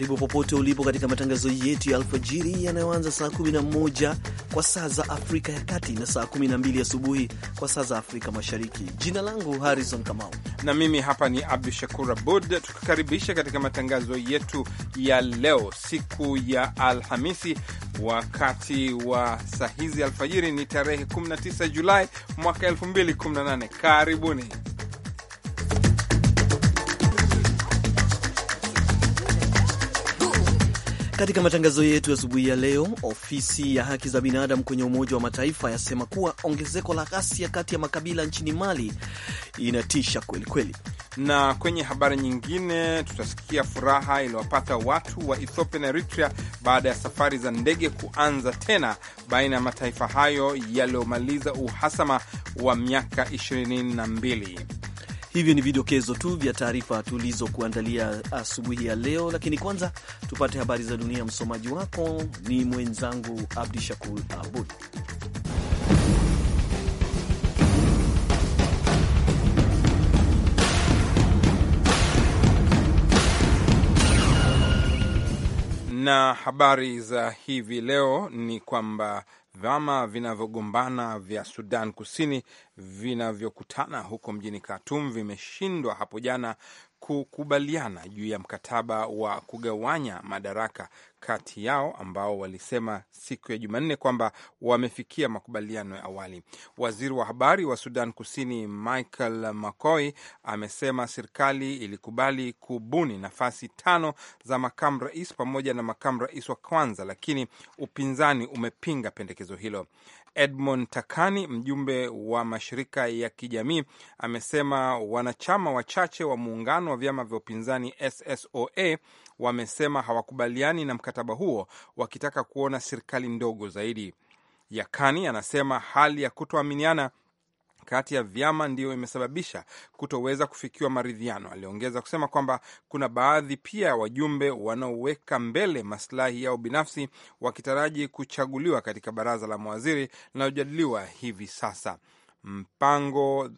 Karibu popote ulipo katika matangazo yetu ya alfajiri yanayoanza saa 11 kwa saa za Afrika ya Kati na saa 12 asubuhi kwa saa za Afrika Mashariki. Jina langu Harrison Kamau na mimi hapa ni Abdu Shakur Abud, tukikaribisha katika matangazo yetu ya leo, siku ya Alhamisi. Wakati wa saa hizi alfajiri ni tarehe 19 Julai mwaka 2018. Karibuni. Katika matangazo yetu asubuhi ya leo, ofisi ya haki za binadamu kwenye Umoja wa Mataifa yasema kuwa ongezeko la ghasia kati ya makabila nchini Mali inatisha kwelikweli kweli. Na kwenye habari nyingine tutasikia furaha iliyowapata watu wa Ethiopia na Eritrea baada ya safari za ndege kuanza tena baina ya mataifa hayo yaliyomaliza uhasama wa miaka 22. Hivyo ni vidokezo tu vya taarifa tulizokuandalia asubuhi ya leo, lakini kwanza tupate habari za dunia. Msomaji wako ni mwenzangu Abdi Shakur Abud. Na habari za hivi leo ni kwamba vyama vinavyogombana vya Sudan Kusini vinavyokutana huko mjini Khartoum vimeshindwa hapo jana kukubaliana juu ya mkataba wa kugawanya madaraka kati yao ambao walisema siku ya Jumanne kwamba wamefikia makubaliano ya awali. Waziri wa habari wa Sudan Kusini Michael Macoy amesema serikali ilikubali kubuni nafasi tano za makamu rais pamoja na makamu rais wa kwanza, lakini upinzani umepinga pendekezo hilo. Edmond Takani, mjumbe wa mashirika ya kijamii, amesema wanachama wachache wa muungano wa vyama vya upinzani SSOA wamesema hawakubaliani na mkataba huo, wakitaka kuona serikali ndogo zaidi. Yakani anasema hali ya kutoaminiana kati ya vyama ndiyo imesababisha kutoweza kufikiwa maridhiano. Aliongeza kusema kwamba kuna baadhi pia ya wajumbe wanaoweka mbele masilahi yao binafsi wakitaraji kuchaguliwa katika baraza la mawaziri linalojadiliwa hivi sasa. Mpango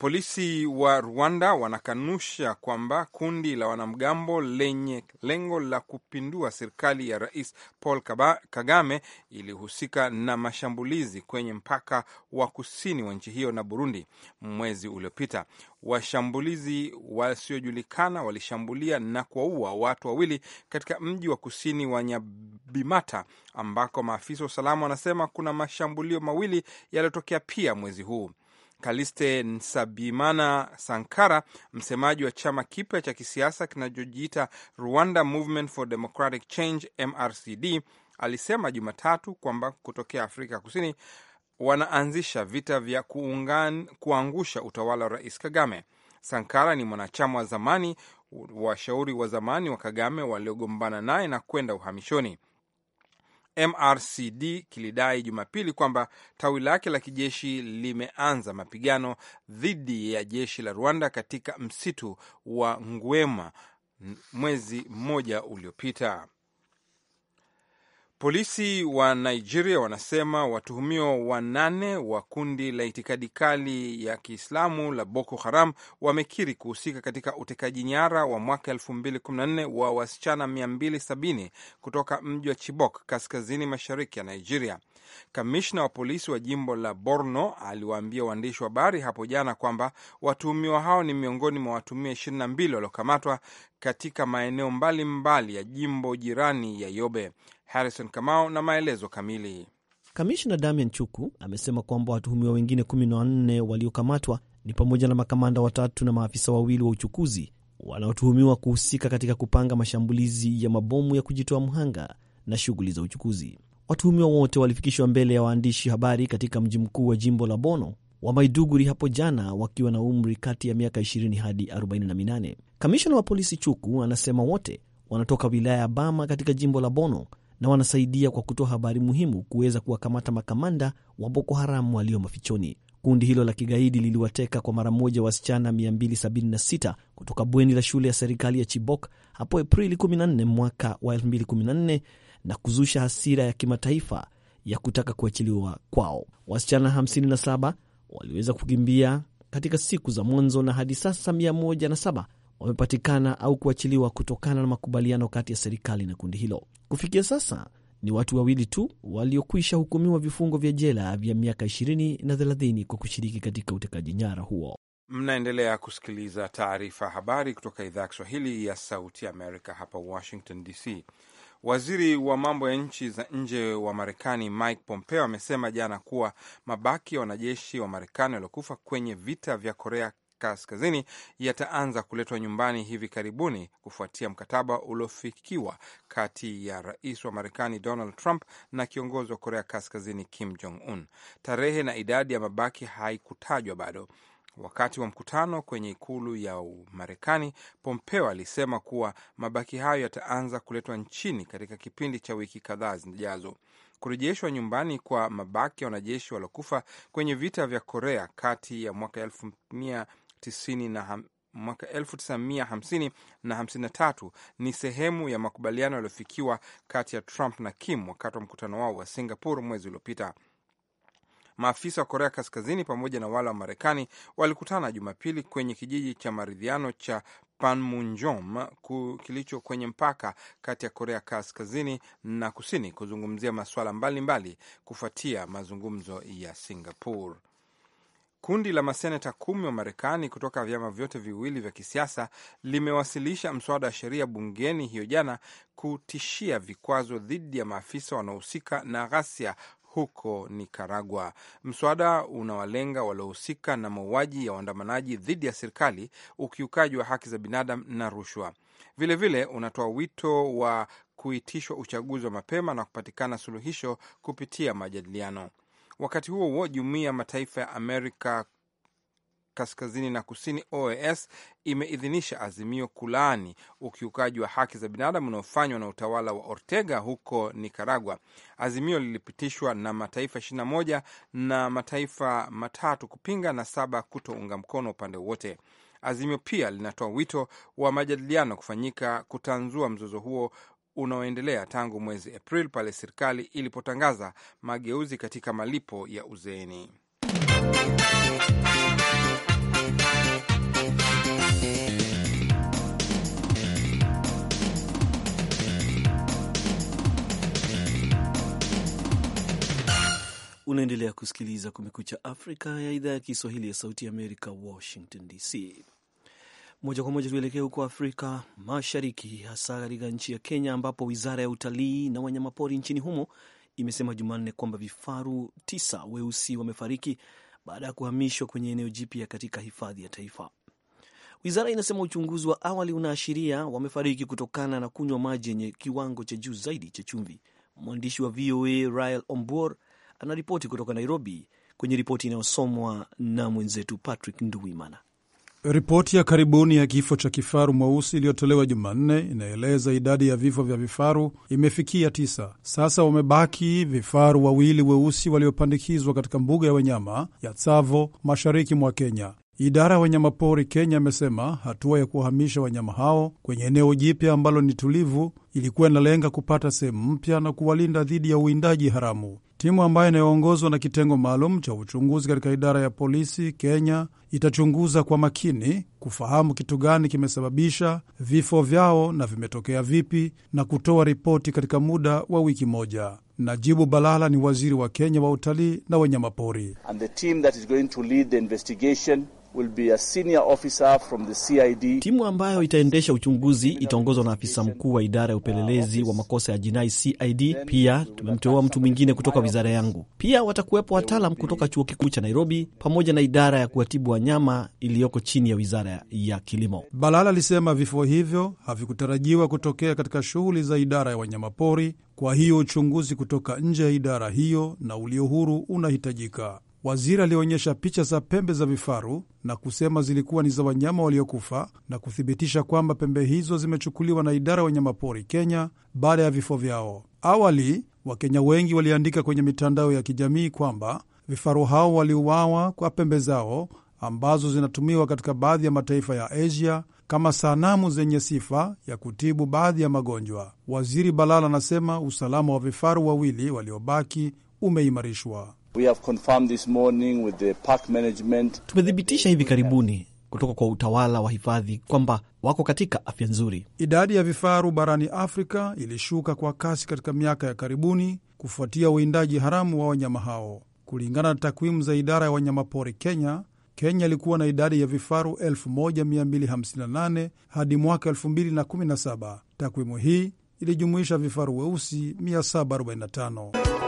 Polisi wa Rwanda wanakanusha kwamba kundi la wanamgambo lenye lengo la kupindua serikali ya Rais Paul Kagame ilihusika na mashambulizi kwenye mpaka wa kusini wa nchi hiyo na Burundi mwezi uliopita. Washambulizi wasiojulikana walishambulia na kuwaua watu wawili katika mji wa kusini wa Nyabimata ambako maafisa wa usalama wanasema kuna mashambulio mawili yaliyotokea pia mwezi huu. Kaliste Nsabimana Sankara, msemaji wa chama kipya cha kisiasa kinachojiita Rwanda Movement for Democratic Change MRCD, alisema Jumatatu kwamba kutokea Afrika Kusini wanaanzisha vita vya kuungan, kuangusha utawala wa Rais Kagame. Sankara ni mwanachama wa zamani, washauri wa zamani wa Kagame waliogombana naye na kwenda uhamishoni. MRCD kilidai Jumapili kwamba tawi lake la kijeshi limeanza mapigano dhidi ya jeshi la Rwanda katika msitu wa Ngwema mwezi mmoja uliopita. Polisi wa Nigeria wanasema watuhumiwa wanane wa kundi la itikadi kali ya Kiislamu la Boko Haram wamekiri kuhusika katika utekaji nyara wa mwaka 2014 wa wasichana 270 kutoka mji wa Chibok kaskazini mashariki ya Nigeria. Kamishna wa polisi wa jimbo la Borno aliwaambia waandishi wa habari hapo jana kwamba watuhumiwa hao ni miongoni mwa watuhumiwa 22 waliokamatwa katika maeneo mbalimbali mbali ya jimbo jirani ya Yobe. Harrison Kamau na maelezo kamili. Kamishna Damian Chuku amesema kwamba watuhumiwa wengine 14 waliokamatwa ni pamoja na makamanda watatu na maafisa wawili wa uchukuzi wanaotuhumiwa kuhusika katika kupanga mashambulizi ya mabomu ya kujitoa mhanga na shughuli za uchukuzi. Watuhumiwa wote walifikishwa mbele ya waandishi habari katika mji mkuu wa jimbo la Bono wa Maiduguri hapo jana wakiwa na umri kati ya miaka 20 hadi 48. kamishona wa polisi Chuku anasema wote wanatoka wilaya ya Bama katika jimbo la Bono na wanasaidia kwa kutoa habari muhimu kuweza kuwakamata makamanda wa Boko Haram walio mafichoni. Kundi hilo la kigaidi liliwateka kwa mara moja wasichana 276 kutoka bweni la shule ya serikali ya Chibok hapo Aprili 14 mwaka wa 2014 na kuzusha hasira ya kimataifa ya kutaka kuachiliwa kwao. Wasichana 57 waliweza kukimbia katika siku za mwanzo na hadi sasa 107 wamepatikana au kuachiliwa kutokana na makubaliano kati ya serikali na kundi hilo. Kufikia sasa ni watu wawili tu waliokwisha hukumiwa vifungo vya jela vya miaka 20 na 30 kwa kushiriki katika utekaji nyara huo. Mnaendelea kusikiliza taarifa ya habari kutoka idhaa ya Kiswahili ya Sauti Amerika hapa Washington DC. Waziri wa mambo ya nchi za nje wa Marekani Mike Pompeo amesema jana kuwa mabaki ya wanajeshi wa Marekani waliokufa kwenye vita vya Korea Kaskazini yataanza kuletwa nyumbani hivi karibuni kufuatia mkataba uliofikiwa kati ya rais wa Marekani Donald Trump na kiongozi wa Korea Kaskazini Kim Jong Un. Tarehe na idadi ya mabaki haikutajwa bado. Wakati wa mkutano kwenye ikulu ya Marekani, Pompeo alisema kuwa mabaki hayo yataanza kuletwa nchini katika kipindi cha wiki kadhaa zijazo. Kurejeshwa nyumbani kwa mabaki ya wanajeshi waliokufa kwenye vita vya Korea kati ya mwaka 1950 na 53 ni sehemu ya makubaliano yaliyofikiwa kati ya Trump na Kim wakati wa mkutano wao wa Singapore mwezi uliopita. Maafisa wa Korea Kaskazini pamoja na wale wa Marekani walikutana Jumapili kwenye kijiji cha maridhiano cha Panmunjom kilicho kwenye mpaka kati ya Korea Kaskazini na Kusini kuzungumzia masuala mbalimbali kufuatia mazungumzo ya Singapore. Kundi la maseneta kumi wa Marekani kutoka vyama vyote viwili vya kisiasa limewasilisha mswada wa sheria bungeni hiyo jana kutishia vikwazo dhidi ya maafisa wanaohusika na ghasia huko Nikaragua. Mswada unawalenga waliohusika na mauaji ya waandamanaji dhidi ya serikali, ukiukaji wa haki za binadamu na rushwa. Vilevile unatoa wito wa kuitishwa uchaguzi wa mapema na kupatikana suluhisho kupitia majadiliano. Wakati huo huo, jumuiya ya mataifa ya Amerika kaskazini na kusini OAS imeidhinisha azimio kulaani ukiukaji wa haki za binadamu unaofanywa na utawala wa Ortega huko Nicaragua. Azimio lilipitishwa na mataifa 21 na mataifa matatu kupinga na saba kutounga mkono upande wote. Azimio pia linatoa wito wa majadiliano kufanyika kutanzua mzozo huo unaoendelea tangu mwezi Aprili pale serikali ilipotangaza mageuzi katika malipo ya uzeeni. Unaendelea kusikiliza Kumekucha Afrika ya idhaa ya Kiswahili ya Sauti ya Amerika, Washington DC. Moja kwa moja tuelekee huko Afrika Mashariki, hasa katika nchi ya Kenya, ambapo wizara ya utalii na wanyamapori nchini humo imesema Jumanne kwamba vifaru tisa weusi wamefariki baada ya kuhamishwa kwenye eneo jipya katika hifadhi ya taifa. Wizara inasema uchunguzi wa awali unaashiria wamefariki kutokana na kunywa maji yenye kiwango cha juu zaidi cha chumvi. Mwandishi wa VOA Rael Ombor anaripoti kutoka Nairobi, kwenye ripoti inayosomwa na mwenzetu Patrick Nduwimana. Ripoti ya karibuni ya kifo cha kifaru mweusi iliyotolewa Jumanne inaeleza idadi ya vifo vya vifaru imefikia tisa. Sasa wamebaki vifaru wawili weusi waliopandikizwa katika mbuga ya wanyama ya Tsavo mashariki mwa Kenya. Idara ya wanyamapori Kenya imesema hatua ya kuwahamisha wanyama hao kwenye eneo jipya ambalo ni tulivu ilikuwa inalenga kupata sehemu mpya na kuwalinda dhidi ya uwindaji haramu. Timu ambayo inayoongozwa na kitengo maalum cha uchunguzi katika idara ya polisi Kenya itachunguza kwa makini kufahamu kitu gani kimesababisha vifo vyao na vimetokea vipi na kutoa ripoti katika muda wa wiki moja. Najibu Balala ni waziri wa Kenya wa utalii na wanyamapori. And the team that is going to lead the investigation will be a senior officer from the CID. Timu ambayo itaendesha uchunguzi itaongozwa na afisa mkuu wa idara ya upelelezi wa makosa ya jinai CID. Pia tumemteua mtu mwingine kutoka wizara yangu. Pia watakuwepo wataalam kutoka chuo kikuu cha Nairobi pamoja na idara ya kuwatibu wanyama iliyoko chini ya wizara ya kilimo. Balala alisema vifo hivyo havikutarajiwa kutokea katika shughuli za idara ya wanyamapori, kwa hiyo uchunguzi kutoka nje ya idara hiyo na ulio huru unahitajika. Waziri alionyesha picha za pembe za vifaru na kusema zilikuwa ni za wanyama waliokufa na kuthibitisha kwamba pembe hizo zimechukuliwa na idara ya wanyamapori Kenya baada ya vifo vyao. Awali Wakenya wengi waliandika kwenye mitandao ya kijamii kwamba vifaru hao waliuawa kwa pembe zao ambazo zinatumiwa katika baadhi ya mataifa ya Asia kama sanamu zenye sifa ya kutibu baadhi ya magonjwa. Waziri Balala anasema usalama wa vifaru wawili waliobaki umeimarishwa. Tumethibitisha hivi karibuni kutoka kwa utawala wa hifadhi kwamba wako katika afya nzuri. Idadi ya vifaru barani Afrika ilishuka kwa kasi katika miaka ya karibuni kufuatia uwindaji haramu wa wanyama hao. Kulingana na takwimu za idara ya wanyamapori Kenya, Kenya ilikuwa na idadi ya vifaru 1258 hadi mwaka 2017. Takwimu hii ilijumuisha vifaru weusi 745.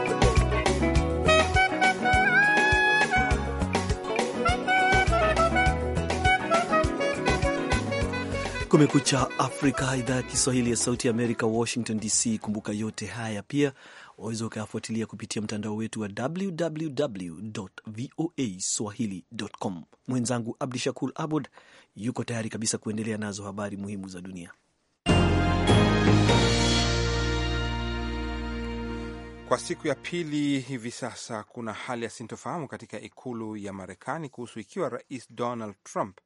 Kumekucha Afrika, idhaa ya Kiswahili ya Sauti Amerika, Washington DC. Kumbuka yote haya pia waweza ukayafuatilia kupitia mtandao wetu wa www voa swahili.com. Mwenzangu Abdi Shakur Abud yuko tayari kabisa kuendelea nazo habari muhimu za dunia. Kwa siku ya pili hivi sasa kuna hali ya sintofahamu katika ikulu ya Marekani kuhusu ikiwa rais Donald Trump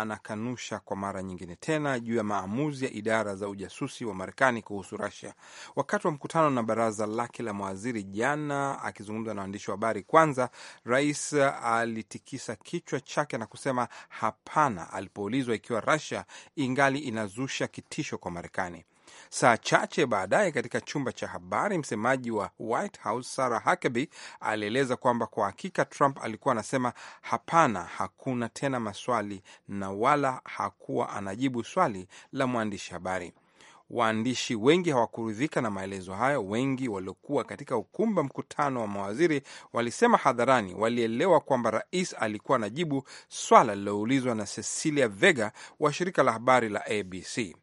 anakanusha kwa mara nyingine tena juu ya maamuzi ya idara za ujasusi wa Marekani kuhusu Rusia. Wakati wa mkutano na baraza lake la mawaziri jana, akizungumza na waandishi wa habari kwanza, rais alitikisa kichwa chake na kusema hapana, alipoulizwa ikiwa Rusia ingali inazusha kitisho kwa Marekani. Saa chache baadaye, katika chumba cha habari, msemaji wa White House Sarah Huckabee alieleza kwamba kwa hakika Trump alikuwa anasema hapana, hakuna tena maswali na wala hakuwa anajibu swali la mwandishi habari. Waandishi wengi hawakuridhika na maelezo hayo. Wengi waliokuwa katika ukumbi wa mkutano wa mawaziri walisema hadharani walielewa kwamba rais alikuwa anajibu swala lililoulizwa na Cecilia Vega wa shirika la habari la ABC.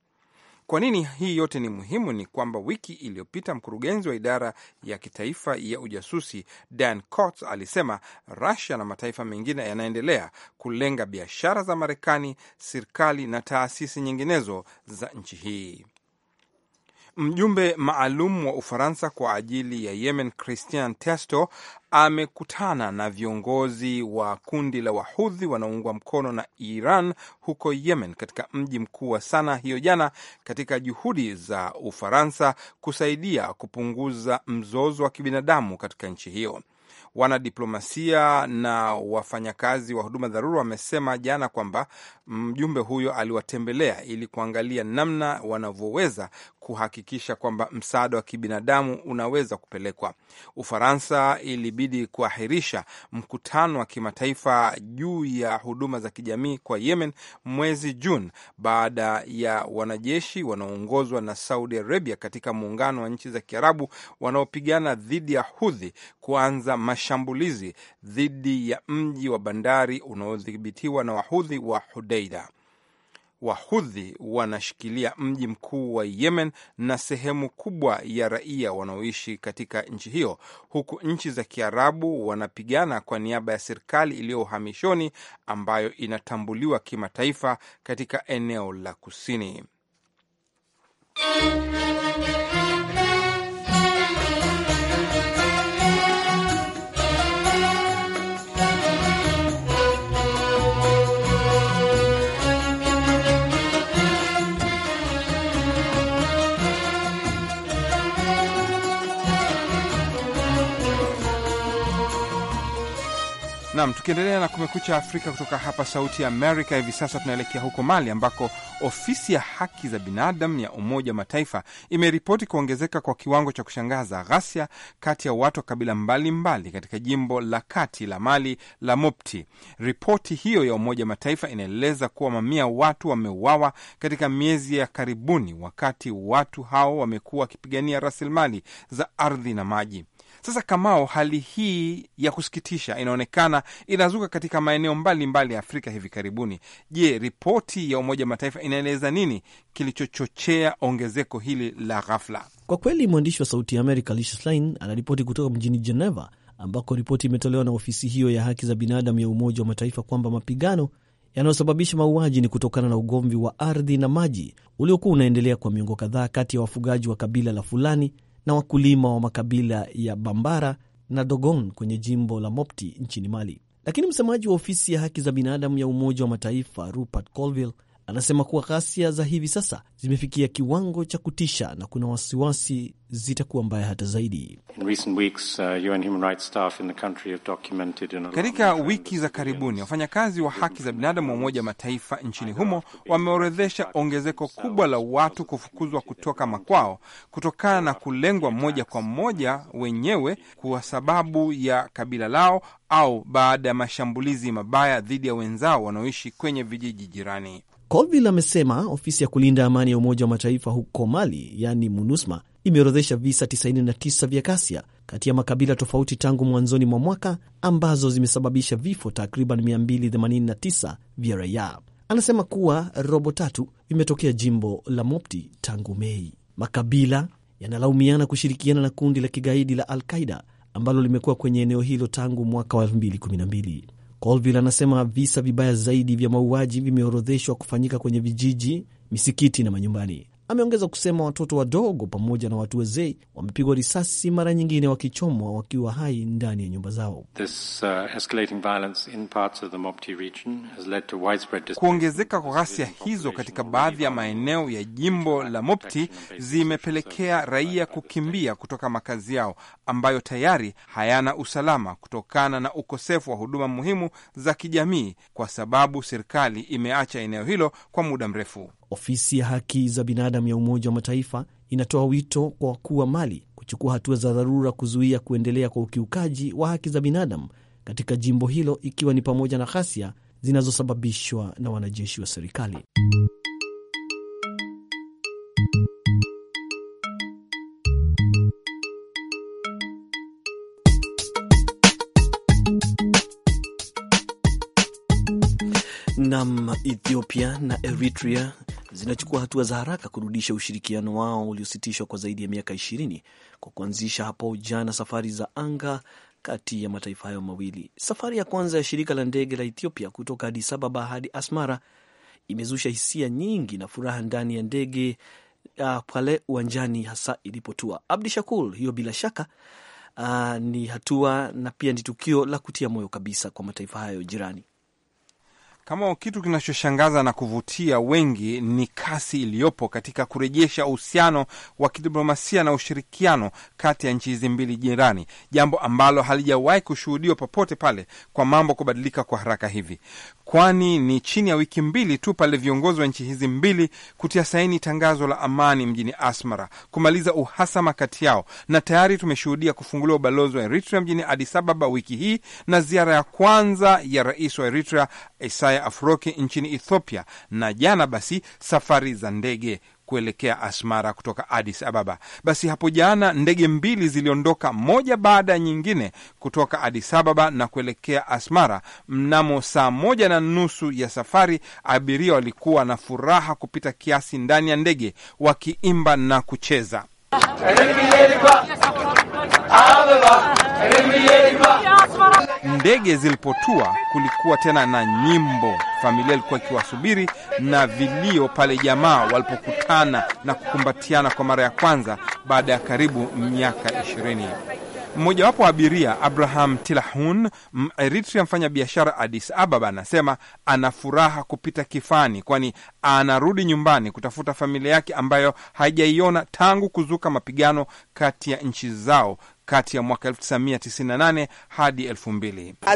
Kwa nini hii yote ni muhimu? Ni kwamba wiki iliyopita mkurugenzi wa idara ya kitaifa ya ujasusi Dan Coats alisema Russia na mataifa mengine yanaendelea kulenga biashara za Marekani, serikali na taasisi nyinginezo za nchi hii. Mjumbe maalum wa Ufaransa kwa ajili ya Yemen, Christian Testo, amekutana na viongozi wa kundi la Wahudhi wanaoungwa mkono na Iran huko Yemen, katika mji mkuu wa Sana hiyo jana, katika juhudi za Ufaransa kusaidia kupunguza mzozo wa kibinadamu katika nchi hiyo. Wanadiplomasia na wafanyakazi wa huduma dharura wamesema jana kwamba mjumbe huyo aliwatembelea ili kuangalia namna wanavyoweza kuhakikisha kwamba msaada wa kibinadamu unaweza kupelekwa. Ufaransa ilibidi kuahirisha mkutano wa kimataifa juu ya huduma za kijamii kwa Yemen mwezi Juni baada ya wanajeshi wanaoongozwa na Saudi Arabia katika muungano wa nchi za Kiarabu wanaopigana dhidi ya Hudhi kuanza mashambulizi dhidi ya mji wa bandari unaodhibitiwa na wahudhi wa Hudeida. Wahudhi wanashikilia mji mkuu wa Yemen na sehemu kubwa ya raia wanaoishi katika nchi hiyo, huku nchi za Kiarabu wanapigana kwa niaba ya serikali iliyo uhamishoni ambayo inatambuliwa kimataifa katika eneo la kusini Nam, tukiendelea na Kumekucha Afrika kutoka hapa Sauti ya Amerika. Hivi sasa tunaelekea huko Mali, ambako ofisi ya haki za binadamu ya Umoja wa Mataifa imeripoti kuongezeka kwa kiwango cha kushangaza ghasia kati ya watu wa kabila mbalimbali mbali katika jimbo la kati la Mali la Mopti. Ripoti hiyo ya Umoja wa Mataifa inaeleza kuwa mamia watu wameuawa katika miezi ya karibuni, wakati watu hao wamekuwa wakipigania rasilimali za ardhi na maji. Sasa Kamao, hali hii ya kusikitisha inaonekana inazuka katika maeneo mbalimbali mbali ya Afrika hivi karibuni. Je, ripoti ya Umoja wa Mataifa inaeleza nini kilichochochea ongezeko hili la ghafla? Kwa kweli, mwandishi wa Sauti ya Amerika Lisa Schlein anaripoti kutoka mjini Geneva, ambako ripoti imetolewa na ofisi hiyo ya haki za binadamu ya Umoja wa Mataifa kwamba mapigano yanayosababisha mauaji ni kutokana na ugomvi wa ardhi na maji uliokuwa unaendelea kwa miongo kadhaa kati ya wafugaji wa kabila la Fulani na wakulima wa makabila ya Bambara na Dogon kwenye jimbo la Mopti nchini Mali. Lakini msemaji wa ofisi ya haki za binadamu ya Umoja wa Mataifa Rupert Colville Anasema kuwa ghasia za hivi sasa zimefikia kiwango cha kutisha na kuna wasiwasi zitakuwa mbaya hata zaidi. Uh, Katika wiki za karibuni, wafanyakazi wa haki za binadamu wa Umoja Mataifa nchini humo wameorodhesha ongezeko kubwa la watu kufukuzwa kutoka makwao kutokana na kulengwa moja kwa moja wenyewe kwa sababu ya kabila lao au baada ya mashambulizi mabaya dhidi ya wenzao wanaoishi kwenye vijiji jirani. Colville amesema ofisi ya kulinda amani ya Umoja wa Mataifa huko Mali, yani MUNUSMA, imeorodhesha visa 99 vya ghasia kati ya makabila tofauti tangu mwanzoni mwa mwaka ambazo zimesababisha vifo takriban 289 vya raia. Anasema kuwa robo tatu vimetokea jimbo la Mopti tangu Mei. Makabila yanalaumiana kushirikiana na kundi la kigaidi la Al Qaida ambalo limekuwa kwenye eneo hilo tangu mwaka wa 2012. Colville anasema visa vibaya zaidi vya mauaji vimeorodheshwa kufanyika kwenye vijiji, misikiti na manyumbani. Ameongeza kusema watoto wadogo pamoja na watu wazee wamepigwa risasi, mara nyingine wakichomwa wakiwa hai ndani ya nyumba zao. Uh, Kuongezeka kwa ghasia hizo katika baadhi ya maeneo ya jimbo la Mopti zimepelekea raia kukimbia kutoka makazi yao ambayo tayari hayana usalama kutokana na ukosefu wa huduma muhimu za kijamii kwa sababu serikali imeacha eneo hilo kwa muda mrefu. Ofisi ya haki za binadamu ya Umoja wa Mataifa inatoa wito kwa wakuu wa Mali kuchukua hatua za dharura kuzuia kuendelea kwa ukiukaji wa haki za binadamu katika jimbo hilo, ikiwa ni pamoja na ghasia zinazosababishwa na wanajeshi wa serikali. Nam, Ethiopia na Eritrea zinachukua hatua za haraka kurudisha ushirikiano wao uliositishwa kwa zaidi ya miaka ishirini kwa kuanzisha hapo jana safari za anga kati ya mataifa hayo mawili. Safari ya kwanza ya shirika la ndege la Ethiopia kutoka Addis Ababa hadi Asmara imezusha hisia nyingi na furaha ndani ya ndege uh, pale uwanjani hasa ilipotua. Abdi Shakul, hiyo bila shaka uh, ni hatua na pia ni tukio la kutia moyo kabisa kwa mataifa hayo jirani. Kama kitu kinachoshangaza na kuvutia wengi ni kasi iliyopo katika kurejesha uhusiano wa kidiplomasia na ushirikiano kati ya nchi hizi mbili jirani, jambo ambalo halijawahi kushuhudiwa popote pale kwa mambo kubadilika kwa haraka hivi, kwani ni chini ya wiki mbili tu pale viongozi wa nchi hizi mbili kutia saini tangazo la amani mjini Asmara kumaliza uhasama kati yao, na tayari tumeshuhudia kufunguliwa ubalozi wa Eritrea mjini Addis Ababa wiki hii na ziara ya kwanza ya rais wa Eritrea Isaya ya Afroki nchini Ethiopia, na jana basi safari za ndege kuelekea Asmara kutoka Addis Ababa. Basi hapo jana ndege mbili ziliondoka moja baada ya nyingine kutoka Addis Ababa na kuelekea Asmara mnamo saa moja na nusu ya safari. Abiria walikuwa na furaha kupita kiasi ndani ya ndege wakiimba na kucheza Ndege zilipotua kulikuwa tena na nyimbo, familia ilikuwa ikiwasubiri na vilio pale jamaa walipokutana na kukumbatiana kwa mara ya kwanza baada ya karibu miaka ishirini. Mmojawapo wa abiria Abraham Tilahun, Eritrea mfanya biashara Addis Ababa, anasema ana furaha kupita kifani, kwani anarudi nyumbani kutafuta familia yake ambayo haijaiona tangu kuzuka mapigano kati ya nchi zao kati ya mwaka 1998 hadi 2000. Uh,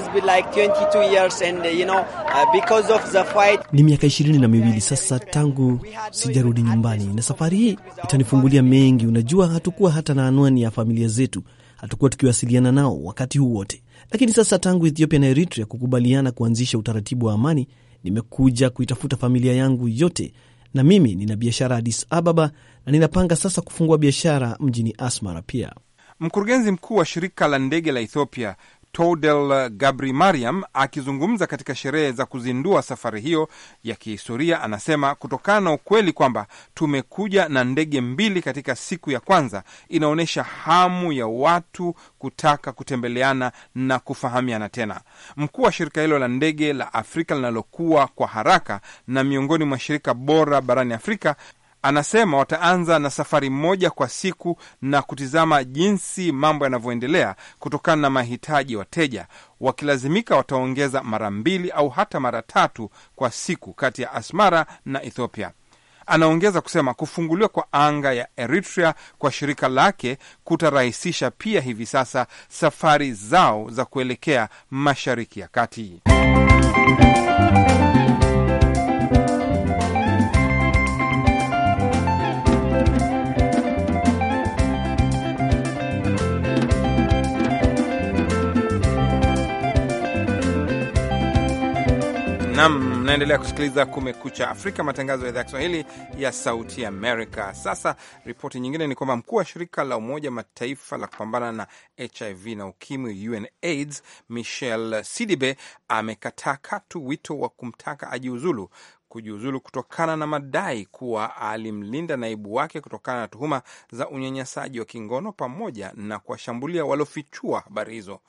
uh, Ni miaka ishirini na miwili sasa tangu sijarudi nyumbani, na safari hii itanifungulia mengi. Unajua, hatukuwa hata na anwani ya familia zetu Hatukuwa tukiwasiliana nao wakati huu wote, lakini sasa tangu Ethiopia na Eritrea kukubaliana kuanzisha utaratibu wa amani, nimekuja kuitafuta familia yangu yote, na mimi nina biashara Addis Ababa na ninapanga sasa kufungua biashara mjini Asmara pia. Mkurugenzi mkuu wa shirika la ndege la Ethiopia Todel Gabri Mariam akizungumza katika sherehe za kuzindua safari hiyo ya kihistoria anasema kutokana na ukweli kwamba tumekuja na ndege mbili katika siku ya kwanza, inaonyesha hamu ya watu kutaka kutembeleana na kufahamiana tena. Mkuu wa shirika hilo la ndege la Afrika linalokuwa kwa haraka na miongoni mwa shirika bora barani Afrika Anasema wataanza na safari moja kwa siku na kutizama jinsi mambo yanavyoendelea kutokana na mahitaji wateja. Wakilazimika wataongeza mara mbili au hata mara tatu kwa siku kati ya Asmara na Ethiopia. Anaongeza kusema kufunguliwa kwa anga ya Eritrea kwa shirika lake kutarahisisha pia hivi sasa safari zao za kuelekea Mashariki ya Kati. Nam, mnaendelea kusikiliza Kumekucha Afrika, matangazo ya idhaa ya Kiswahili ya Sauti Amerika. Sasa ripoti nyingine ni kwamba mkuu wa shirika la Umoja Mataifa la kupambana na HIV na Ukimwi, UNAIDS, Michel Sidibe amekataa katu wito wa kumtaka ajiuzulu kujiuzulu kutokana na madai kuwa alimlinda naibu wake kutokana na tuhuma za unyanyasaji wa kingono pamoja na kuwashambulia waliofichua habari hizo.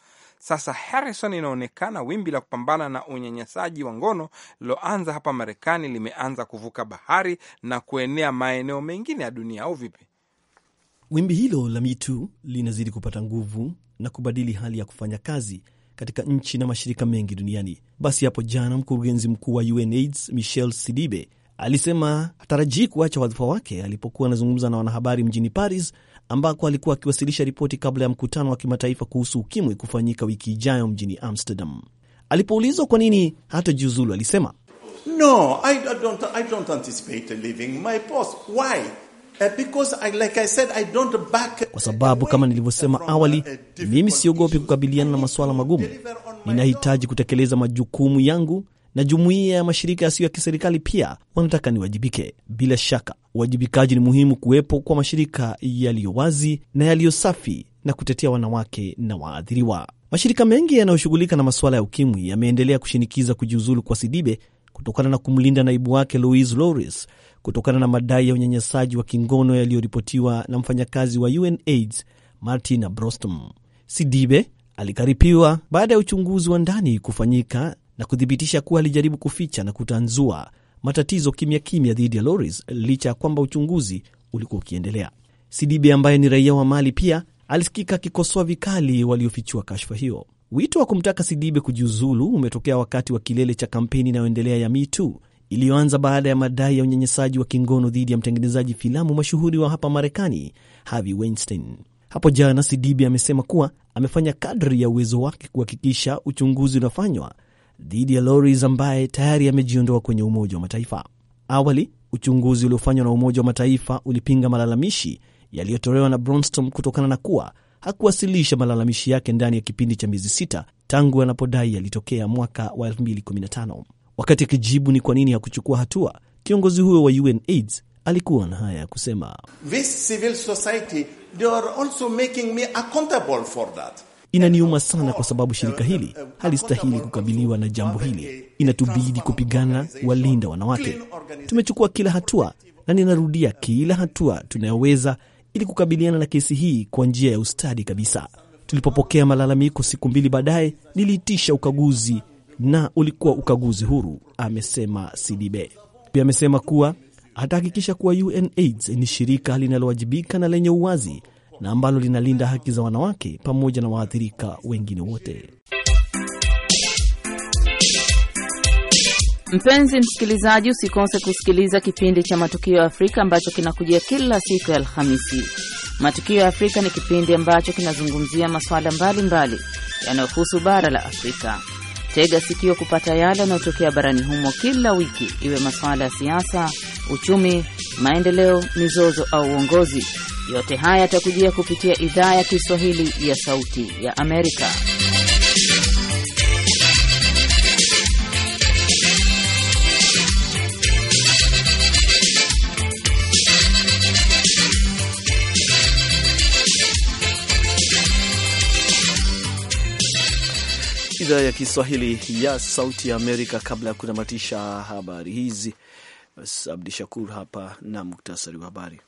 Sasa Harrison inaonekana wimbi la kupambana na unyanyasaji wa ngono liloanza hapa Marekani limeanza kuvuka bahari na kuenea maeneo mengine ya dunia, au vipi? Wimbi hilo la mitu linazidi kupata nguvu na kubadili hali ya kufanya kazi katika nchi na mashirika mengi duniani. Basi hapo jana, mkurugenzi mkuu wa UNAIDS Michel Sidibe alisema hatarajii kuacha wadhifa wake alipokuwa anazungumza na wanahabari mjini Paris ambako alikuwa akiwasilisha ripoti kabla ya mkutano wa kimataifa kuhusu ukimwi kufanyika wiki ijayo mjini Amsterdam. Alipoulizwa kwa nini hata jiuzulu, alisema no, I don't, I don't anticipate leaving my post. Why? Eh, because I, like I said, I don't back... kwa sababu kama nilivyosema awali, mimi siogopi kukabiliana na masuala magumu. Ninahitaji kutekeleza majukumu yangu na jumuiya ya mashirika yasiyo ya kiserikali pia wanataka niwajibike. Bila shaka uwajibikaji ni muhimu, kuwepo kwa mashirika yaliyo wazi na yaliyo safi na kutetea wanawake na waathiriwa. Mashirika mengi yanayoshughulika na masuala ya ukimwi yameendelea kushinikiza kujiuzulu kwa Sidibe kutokana na kumlinda naibu wake Louise Loris kutokana na madai ya unyanyasaji wa kingono yaliyoripotiwa na mfanyakazi wa UNAIDS Martina Brostom. Sidibe alikaripiwa baada ya uchunguzi wa ndani kufanyika na kuthibitisha kuwa alijaribu kuficha na kutanzua matatizo kimya kimya dhidi ya Loris licha ya kwamba uchunguzi ulikuwa ukiendelea. Sidibe ambaye ni raia wa Mali pia alisikika akikosoa vikali waliofichua kashfa hiyo. Wito wa kumtaka Sidibe kujiuzulu umetokea wakati wa kilele cha kampeni inayoendelea ya Me Too iliyoanza baada ya madai ya unyanyasaji wa kingono dhidi ya mtengenezaji filamu mashuhuri wa hapa Marekani Harvey Weinstein. Hapo jana Sidibe amesema kuwa amefanya kadri ya uwezo wake kuhakikisha uchunguzi unafanywa dhidi ya Loris ambaye tayari amejiondoa kwenye Umoja wa Mataifa. Awali uchunguzi uliofanywa na Umoja wa Mataifa ulipinga malalamishi yaliyotolewa na Bronstom kutokana na kuwa hakuwasilisha malalamishi yake ndani ya kipindi cha miezi sita tangu anapodai yalitokea mwaka wa 2015. Wakati akijibu ni kwa nini hakuchukua hatua, kiongozi huyo wa UNAIDS alikuwa na haya ya kusema: This civil society, they are also making me accountable for that. Inaniuma sana kwa sababu shirika hili halistahili kukabiliwa na jambo hili. Inatubidi kupigana walinda wanawake. Tumechukua kila hatua, na ninarudia, kila hatua tunayoweza ili kukabiliana na kesi hii kwa njia ya ustadi kabisa. Tulipopokea malalamiko siku mbili baadaye, niliitisha ukaguzi na ulikuwa ukaguzi huru, amesema Sidibe. Pia amesema kuwa atahakikisha kuwa UNAIDS ni shirika linalowajibika na lenye uwazi na ambalo linalinda haki za wanawake pamoja na waathirika wengine wote. Mpenzi msikilizaji, usikose kusikiliza kipindi cha Matukio ya Afrika ambacho kinakujia kila siku ya Alhamisi. Matukio ya Afrika ni kipindi ambacho kinazungumzia masuala mbalimbali yanayohusu bara la Afrika. Tega sikio kupata yale yanayotokea barani humo kila wiki, iwe masuala ya siasa, uchumi, maendeleo, mizozo au uongozi. Yote haya yatakujia kupitia idhaa ya Kiswahili ya Sauti ya Amerika. Idhaa ya Kiswahili ya Sauti ya Amerika. Kabla ya kutamatisha habari hizi, basi Abdi Shakur hapa na muktasari wa habari.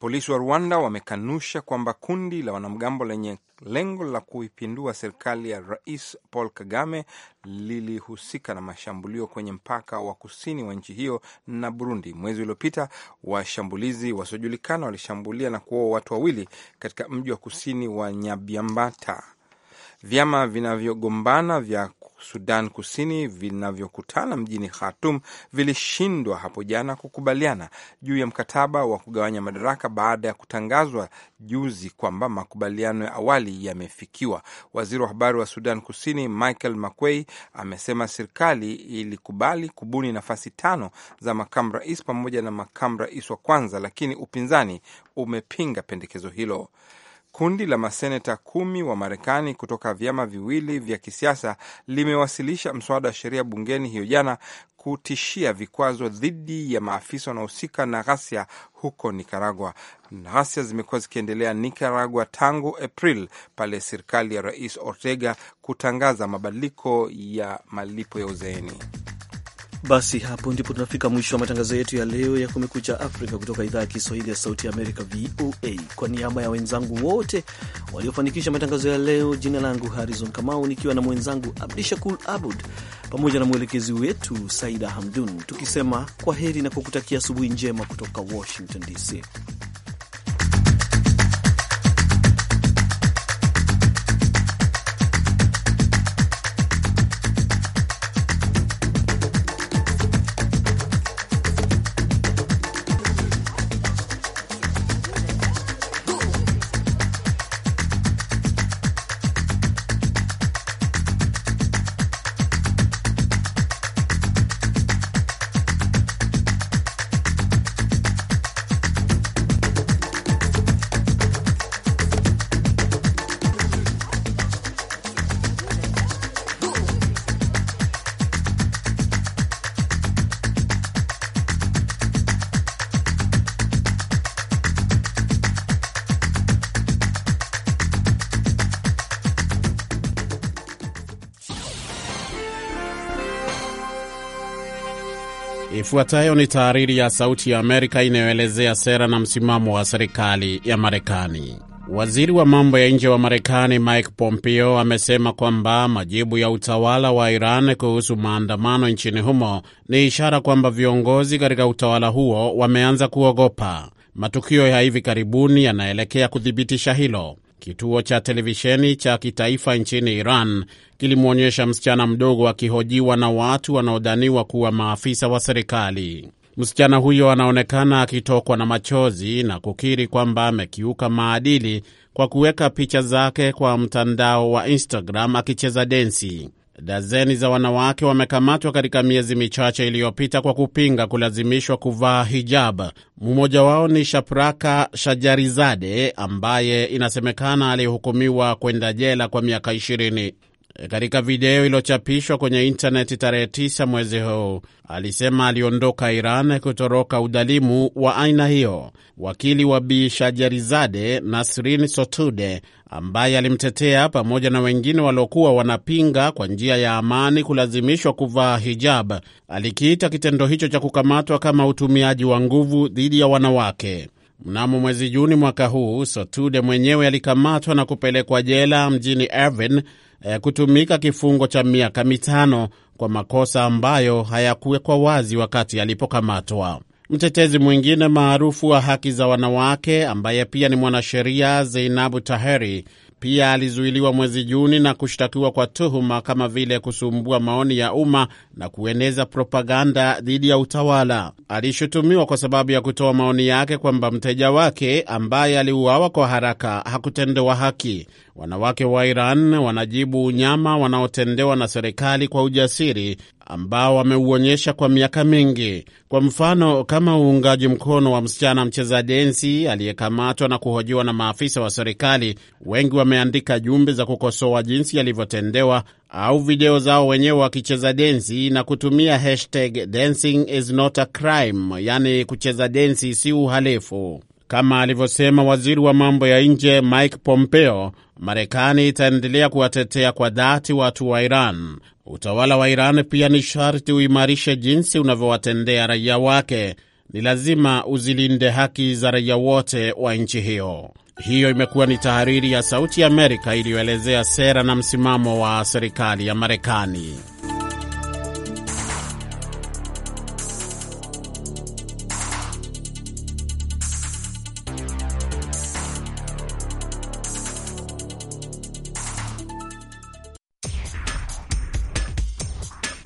Polisi wa Rwanda wamekanusha kwamba kundi la wanamgambo lenye lengo la kuipindua serikali ya Rais Paul Kagame lilihusika na mashambulio kwenye mpaka wa kusini wa nchi hiyo na Burundi mwezi uliopita. Washambulizi wasiojulikana walishambulia na kuua watu wawili katika mji wa kusini wa Nyabyambata. Vyama vinavyogombana vya Sudan Kusini vinavyokutana mjini Khartum vilishindwa hapo jana kukubaliana juu ya mkataba wa kugawanya madaraka baada ya kutangazwa juzi kwamba makubaliano ya awali yamefikiwa. Waziri wa habari wa Sudan Kusini Michael Makwei amesema serikali ilikubali kubuni nafasi tano za makamu rais pamoja na makamu rais wa kwanza, lakini upinzani umepinga pendekezo hilo. Kundi la maseneta kumi wa Marekani kutoka vyama viwili vya kisiasa limewasilisha mswada wa sheria bungeni hiyo jana kutishia vikwazo dhidi ya maafisa wanaohusika na ghasia huko Nicaragua. Ghasia zimekuwa zikiendelea Nicaragua tangu April pale serikali ya Rais Ortega kutangaza mabadiliko ya malipo ya uzeeni. Basi hapo ndipo tunafika mwisho wa matangazo yetu ya leo ya Kumekucha Afrika kutoka idhaa ya Kiswahili ya Sauti ya Amerika, VOA. Kwa niaba ya wenzangu wote waliofanikisha matangazo ya leo, jina langu Harrison Kamau nikiwa na mwenzangu Abdi Shakur Abud pamoja na mwelekezi wetu Saida Hamdun, tukisema kwa heri na kukutakia asubuhi njema kutoka Washington DC. Ifuatayo ni tahariri ya Sauti ya Amerika inayoelezea sera na msimamo wa serikali ya Marekani. Waziri wa mambo ya nje wa Marekani Mike Pompeo amesema kwamba majibu ya utawala wa Iran kuhusu maandamano nchini humo ni ishara kwamba viongozi katika utawala huo wameanza kuogopa. Matukio ya hivi karibuni yanaelekea kuthibitisha hilo. Kituo cha televisheni cha kitaifa nchini Iran kilimwonyesha msichana mdogo akihojiwa na watu wanaodhaniwa kuwa maafisa wa serikali. Msichana huyo anaonekana akitokwa na machozi na kukiri kwamba amekiuka maadili kwa kuweka picha zake kwa mtandao wa Instagram akicheza densi. Dazeni za wanawake wamekamatwa katika miezi michache iliyopita kwa kupinga kulazimishwa kuvaa hijab. Mmoja wao ni Shapraka Shajarizade ambaye inasemekana alihukumiwa kwenda jela kwa miaka ishirini. Katika video iliyochapishwa kwenye intaneti tarehe 9 mwezi huu, alisema aliondoka Iran kutoroka udhalimu wa aina hiyo. Wakili wa Bi Shajarizade, Nasrin Sotude, ambaye alimtetea pamoja na wengine waliokuwa wanapinga kwa njia ya amani kulazimishwa kuvaa hijab, alikiita kitendo hicho cha kukamatwa kama utumiaji wa nguvu dhidi ya wanawake. Mnamo mwezi Juni mwaka huu, Sotude mwenyewe alikamatwa na kupelekwa jela mjini Evin eh, kutumika kifungo cha miaka mitano kwa makosa ambayo hayakuwekwa wazi wakati alipokamatwa. Mtetezi mwingine maarufu wa haki za wanawake ambaye pia ni mwanasheria Zeinabu Taheri pia alizuiliwa mwezi Juni na kushtakiwa kwa tuhuma kama vile kusumbua maoni ya umma na kueneza propaganda dhidi ya utawala. Alishutumiwa kwa sababu ya kutoa maoni yake kwamba mteja wake ambaye aliuawa kwa haraka hakutendewa haki. Wanawake wa Iran wanajibu unyama wanaotendewa na serikali kwa ujasiri ambao wameuonyesha kwa miaka mingi. Kwa mfano, kama uungaji mkono wa msichana mcheza densi aliyekamatwa na kuhojiwa na maafisa wa serikali. Wengi wameandika jumbe za kukosoa jinsi yalivyotendewa au video zao wenyewe wakicheza densi na kutumia hashtag dancing is not a crime, yani kucheza densi si uhalifu. Kama alivyosema waziri wa mambo ya nje Mike Pompeo, Marekani itaendelea kuwatetea kwa dhati watu wa Iran. Utawala wa Iran pia ni sharti uimarishe jinsi unavyowatendea raia wake. Ni lazima uzilinde haki za raia wote wa nchi hiyo. Hiyo imekuwa ni tahariri ya Sauti ya Amerika iliyoelezea sera na msimamo wa serikali ya Marekani.